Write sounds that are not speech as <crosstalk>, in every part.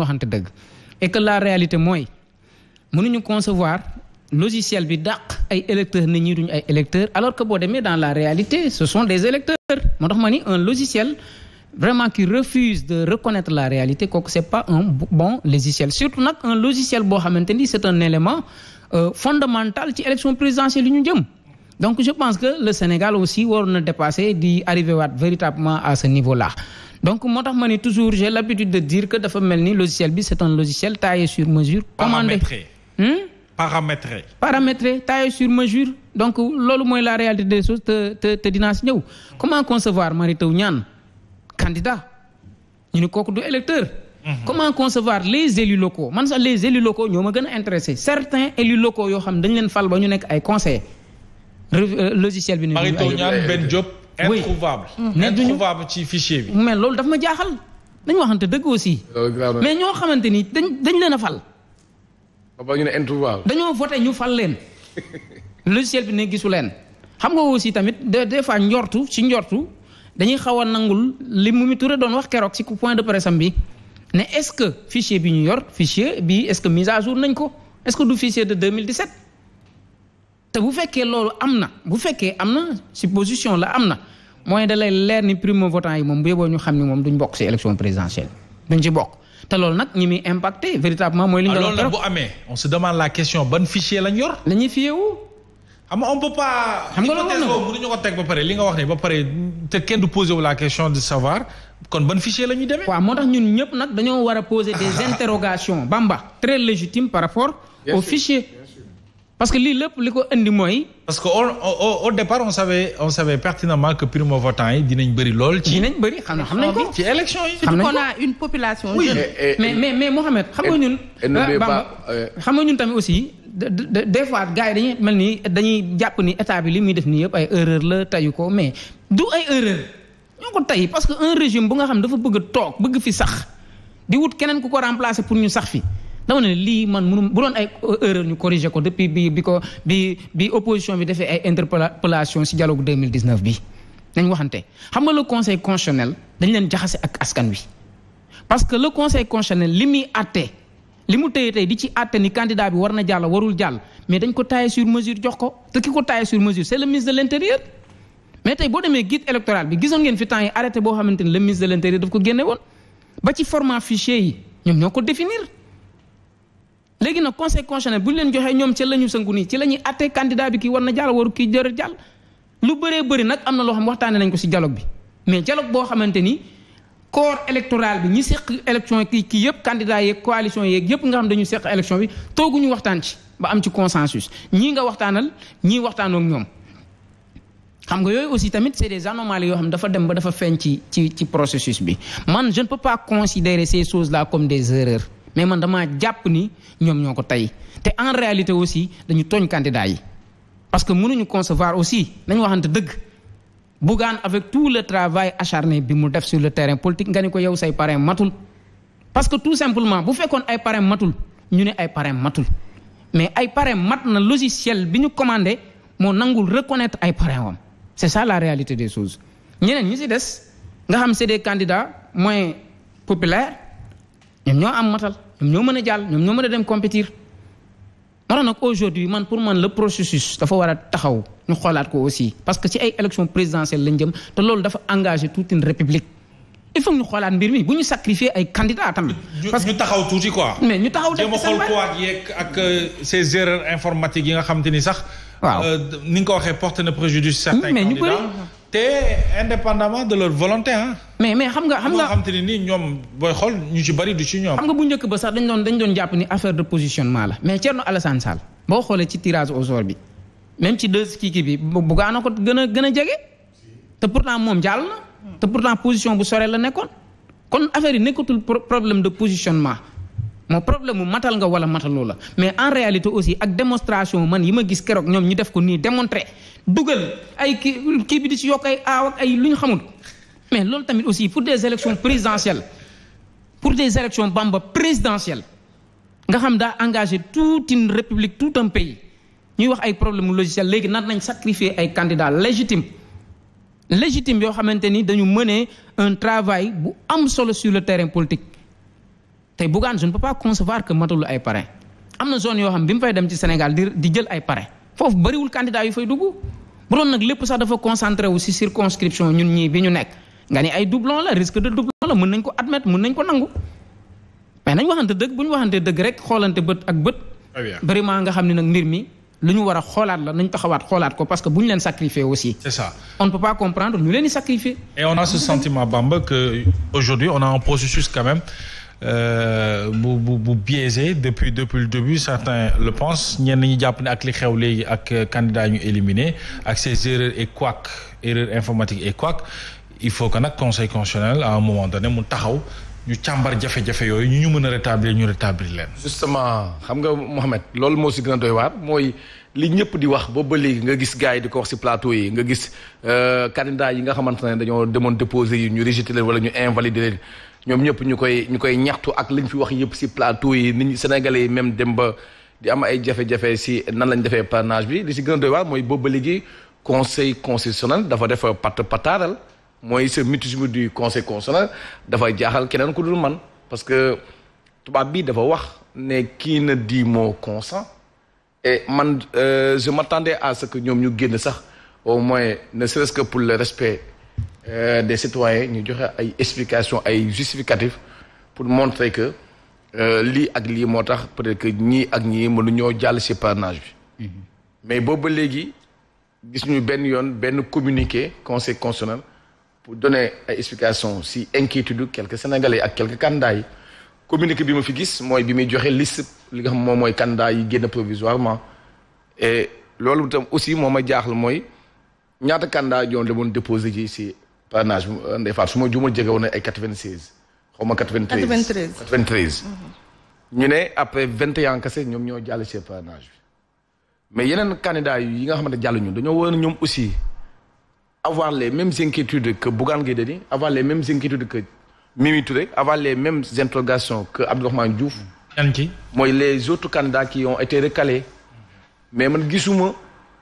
waxante dëgg et que la réalité mooy mënuñu concevoir logiciel bi daq ay électeurs ne ñii duñu ay électeur alors que boo demee dans la réalité ce sont des électeurs moo tax ma ni un logiciel vraiment qui refuse de reconnaître la réalité kooku c'est pas un bon logiciel surtout nag un logiciel boo xamante ni c'est un élément euh, fondamental ci élection présidentielle lu ñu jëm donc je pense que le Sénégal aussi waroon na dépasser di arriver waat véritablement à ce là donc moo tax ma ni toujours j'ai l'habitude de dire que dafa mel ni logiciel bi c'est un logiciel taillé sur mesure commandé paramétré hmm? paramétré taillé sur mesure donc loolu mooy la réalité des choses te te dinaa si ñëw comment concevoir Mary Teuw Niane candidat ñu ni kooku du électeur mhm. comment concevoir les élus locaux man sax les élus locaux ñoo ma gën a intéressé certains élus locaux yoo xam dañ leen fal ba ñu nekk ay conseil euh, logiciel bi ni Mary Teuw Niane Ben introuvable mm-hmm. introuvable ci fichier bi. mais loolu daf ma jaaxal dañ waxante dëgg aussi. mais ñoo xamante ni dañ dañ leen a fal. ñu ne introuvable. dañoo voté ñu fal leen <laughs> logiciel bi ne gisu leen xam nga aussi tamit des des fois njortu ci njortu dañuy xaw a nangul li Mimi Touré doon wax keroog ci point de presse am bi ne est fichier bi ñu yor fichier bi est-ce que mise à jour nañ ko est du fichier de te bu fekkee loolu am na bu fekkee am na si position la am na mooy da lay leer ni primo votant yi moom bu yeboo ñu xam ni moom duñ bokk si élection présidentielle duñ ci bokk te loolu nag ñi muy impacté véritablement mooy. li nga loolu nag bu amee on se demande la question ban fichier lañ yor. la ñuy fiyewu. xam nga on peut teg ba pare li nga wax ne ba pare te posé wu la question de savoir kon ban fichier la ñuy demee. waaw moo tax ñun ñëpp nag dañoo war a poser des <laughs> interrogations bamba très légitime par rapport au parce que lii lépp li ko indi mooy. parce que au au au départ on savait on savait pertinemment primo votant yi dinañ bëri lool. ci dinañ bëri xam na xam nañ ko ci élection yi. xam nañ ko a une population. jeune mais mais mais Mouhamed xam nga ñun. Euh, euh, xam nga ñun tamit aussi. des fois gars yi dañuy mel ni dañuy jàpp ni état bi li muy def nii yëpp ay erreur la tayu ko mais du ay erreur ñoo ko tay parce que un régime bu nga xam dafa bëgg toog bëgg fi sax di wut keneen ku ko remplacer pour ñu sax fi. dama ne lii man mënu bu doon ay euh, erreur ñu corriger ko depuis bi bi ko bi bi opposition bi defee ay interpellation ci dialogue 2019 bi nañ waxante xam nga le conseil dañ leen jaxase ak askan wi parce que le conseil constitutionnel li muy àtte li mu téye tey di ci àtte ni candidat bi war na jàll warul jàll mais dañ ko taillé sur mesure jox ko te ki ko taillé sur mesure c'est le ministre de l'intérieur mais tey boo demee guide électoral bi gisoon ngeen fi temps yi arrêté boo xamante ni le ministre de l'intérieur ko génne woon ba ci format fichier yi ñoom ñoo ko définir léegi nag conseil constitutionnel bu ñu leen joxee ñoom ca la ñu sëngu nii ci la ñuy atte candidat bi kii war na jàll waru kii jër jàll lu bëree bëri nag am na loo xam waxtaane nañ ko si dialogue bi mais dialogue boo xamante ni corps électoral bi ñi seq élection kii kii yëpp candidat yeeg coalition yeeg yëpp nga xam dañu seq élection bi tooguñu waxtaan am ci consensus ñii nga waxtaanal ñii waxtaanoo ak ñoom xam nga yooyu aussi tamit c'est des anomalies yoo xam dafa dem ba dafa feeñ ci ci ci processus bi man je ne peux pas considérer ces choses là comme des erreurs mais man damaa jàpp ni ñoom ñoo ko tey te en réalité aussi dañu tooñ candidat yi parce que mënuñu concevoir aussi nañu waxante dëgg Bougane avec tout le travail acharné bi mu def sur le terrain politique nga ni ko yow say parrain matul parce que tout simplement bu fekkoon ay parrain matul ñu ne ay parrain matul mais ay parrain mat na logiciel bi ñu commandé moo nangul reconnaître ay parrain wam c'est ça la réalité des choses ñeneen ñi si des nga xam c'est des candidats moins populaires ñoom ñoo am matal ñoom ñoo mën a jàll ñoom ñoo mën a dem compétir moo tax nag aujourd'hui man pour man la processus dafa war a taxaw ñu xoolaat ko aussi parce que ci ay élection présidentielle lañ jëm te loolu dafa engagé toute une république il faut ñu xoolaat mbir mi bu ñu sacrifier ay candidats tamit. parce que ñu taxaw tuuti quoi. mais ñu taxaw def xool quoi yeeg ak euh, ces yi nga xam te sax. waaw euh, ni nga ko waxee porte na préjudice. certains candidats mais ñu bëri te indépendamment de leur volonté ah. mais mais xam nga xam nga xam te ne nii ñoom booy xool ñu ci bari du ci ñoom. xam nga bu njëkk ba sax dañ doon dañ doon jàpp ni affaire de positionnement la mais Thierno Alassane Sall boo xoolee ci tirage au sort bi même ci deux kii kii bi bugaana ko gën a gën a jege te pourtant moom jàll na pour pourtant position bu sore la nekkoon kon affaire yi nekkatul problème de positionnement. moo problème mu matal nga wala mataloo la mais en réalité aussi ak démonstration man yi ma gis keroog ñoom ñu def ko nii démontrer dugal ay kii kii bi di si yokk ay aaw ay lu ñu xamul mais loolu tamit aussi pour des élections présidentielles pour des élections bamba présidentielles nga xam daa engagé toute une république tout un pays ñuy wax ay problème logiciel léegi nan nañ sacrifier ay candidats légitimes légitimes yoo xamante ni dañu mener un travail bu am solo sur le terrain politique tey Bougane je ne peux pas concevoir que matul ay parrain am na zone yoo xam bi mu fay dem ci Sénégal di di jël ay parrain foofu bëriwul candidat yu fay dugg bu doon nag lépp sax dafa concentré wu si circonscription ñun ñii bi ñu nekk nga ni ay doublon la risque de doublon la mën nañ ko admettre mën nañ ko nangu mais nañ waxante dëgg bu ñu waxante dëgg rek xoolante bët ak bët vraiment nga xam ne nag mbir mi lu ñu war a xoolaat la nañ taxawaat xoolaat ko parce que bu ñu leen sacrifier aussi. c'est ça on ne peut pas comprendre ñu leen di sacrifier. et on a ce sentiment Euh, bu bu bu biaisé depuis depuis le début certains le pense ñenn ñi jàpp ne ak li xew léegi ak euh, candidat ñu éliminé ak ces erreurs et couacs erreurs informatiques et couacs il faut que nag conseil constitutionnel à un moment donné mu taxaw ñu càmbar jafe-jafe yooyu ñu ñu mën a rétablir ñu rétablir leen. justement xam nga Mohamed loolu moo si gën a doy waar mooy li ñëpp di wax boobu ba léegi nga gis gars yi di ko wax si plateau yi nga gis euh, candidat yi nga xamante ne dañoo demoon déposer yi ñu rejeté wala ñu invalider leen. ñoom ñëpp ñu koy ñu koy ñaxtu ak liñ fi wax yëpp si plateau yi nit ñi sénégalais yi même dem ba di am ay jafe-jafe si nan lañu defee parnage bi li si gën a doy mooy boobu ba léegi conseil constitutionnel dafa def pat pataaral mooy ce mutisme du conseil constitutionnel dafa jaaxal keneen ku dul man parce que tubaab bi dafa wax ne kii na dit mot consent et man euh, je m'attendais à ce que ñoom ñu génn sax au moins ne serait que pour le respect Euh, des citoyens ñu joxe ay explications ay justificatifs pour montrer que euh, lii ak lii moo tax peut-être que ñii ak ñii mënuñoo jàll ci parrainage bi. Mhm. mais boobu ba léegi gis ñu benn yoon benn communiquer conseil constitutionnel pour donner ay explications ci inquiétude quelque sénégalais ak quelques candidats yi communiqué bi ma fi gis mooy bi muy joxee list li nga xam moom mooy candidats yi génn provisoirement e loolu tam aussi moom a jaaxal mooy ñaata candidats yoon demoon déposé ji ci. parrainage Ndeye euh, su ma juumal jege woon ay quatre vingt seize xaw ma quatre vingt treize quatre vingt treize mhm. ñu ne après vingt et ñoom ñoo jàll ci parrainage bi mais yeneen candidat yi nga xamante jàll dañoo war ñoom aussi avoir les mêmes inquiétudes que Bougane Gueye Dany avoir les mêmes inquiétudes que Mimi Touré avoir les mêmes interrogations que Abdourahmane Diouf mooy les autres candidats qui ont été recalés mais man gisuma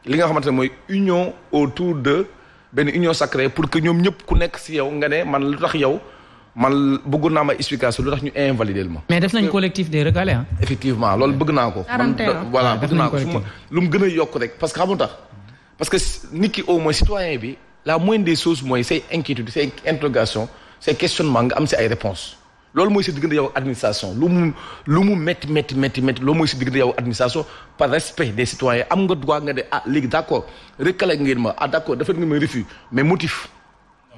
li nga xamante mooy union autour de benn union sacré pour que ñoom ñëpp ku nekk si yow nga ne man lu tax yow man bëggoon naa ma explication lu tax ñu invalider ma. mais def nañ collectif des recalés ah. effectivement loolu bëgg naa ko. man voilà ah, bëgg naa lu mu gën a yokk rek parce que xamu tax parce que nit ki au moins citoyen bi la moindre des choses mooy say inquiétude say interrogation say questionnement nga am si ay réponses. loolu mooy si diggante yow administration lu mu lu mu métti métti métti métti loolu mooy si diggante yow administration par respect des citoyens am nga droit nga ne ah léegi d' accord recalé ngeen ma ah d' accord dafa ngeen ma refus mais motif.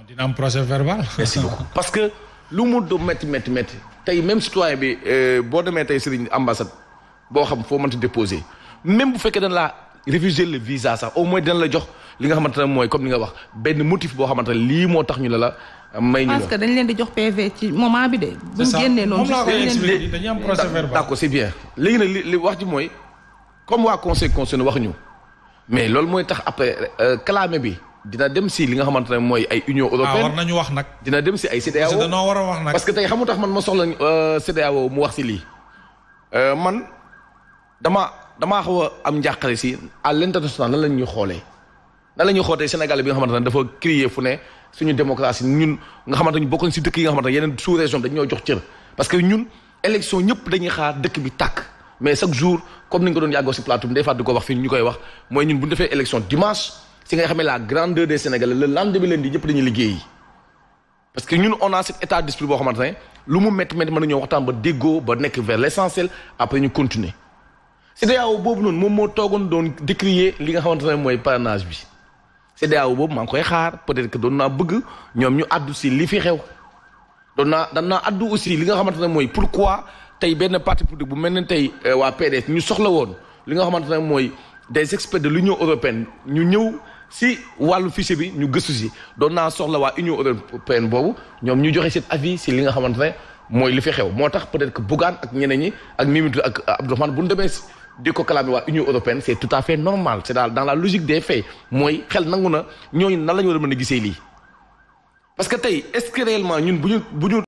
dina am procès verbal. <laughs> merci beaucoup parce que lu mu do metti métti métti tey même citoyen bi euh, boo demee tey Serigne ambassade boo xam foo mënti déposé même bu fekkee dañ la réfugier le visa sax au moins dina la jox li nga xamante ne mooy comme li nga wax benn motif boo xamante ne lii moo tax ñu la la. may ñu parce que dañ leen di jox PV ci moment bi de. buñ génnee noonu dañuy am procès verbal d'accord c'est bien. léegi nag li li wax ji mooy comme waa conséquence nu wax mais loolu mooy tax après euh, clamé bi dina dem si li nga xamante ne mooy ay union ah, européenne war wax nag. dina dem si ay CEDEAO parce que danoo war a wax nag. parce que tey xamu tax man ma soxla euh, CEDEAO mu wax si lii euh, man dama damaa xaw a am njàqare si à l'international nan la ñuy xoolee nan la ñuy xoolee Sénégal bi nga xamante ne dafa crier fu ne. suñu démocratie ñun nga xamante ni bokkoon si dëkk yi nga xamante ne yeneen sous région dañ ñoo jox cër parce que ñun élection ñëpp dañuy xaar dëkk bi tàkk mais chaque jour comme ni nga ko doon yàggoo si plateau bi day fàttali ko wax fii ñu koy wax mooy ñun bu ñu defee élection dimanche si nga xamee ne lu mu métti métti mën nañoo waxtaan ba déggoo ba nekk vers l'essentiel après ñu continuer CEDEAO boobu noonu moom moo toogoon doon décrier li nga xamante ne mooy parrainage bi CEDEAO boobu maa ngi koy xaar peut-être que doon naa bëgg ñoom ñu addu si li fi xew doon naa doon naa addu aussi li nga xamante ne mooy pourquoi tey benn parti politique bu mel ne tey euh, waa PDS ñu soxla woon li nga xamante ne mooy des experts de l'Union européenne ñu ñëw si wàllu fichier bi ñu gëstu si doon naa soxla waa Union européenne boobu ñoom ñu joxe seen avis si li nga xamante ne mooy li fi xew moo tax peut-être que Bougane ak ñeneen ñi ak Mimi Touré ak Abdourahmane bu ñu demee di ko clamé waa Union européenne c'est tout à fait normal c'est daal dans la logique des faits mooy xel nangu na ñooñu nan la ñu war a parce que tey est-ce ñun bu ñu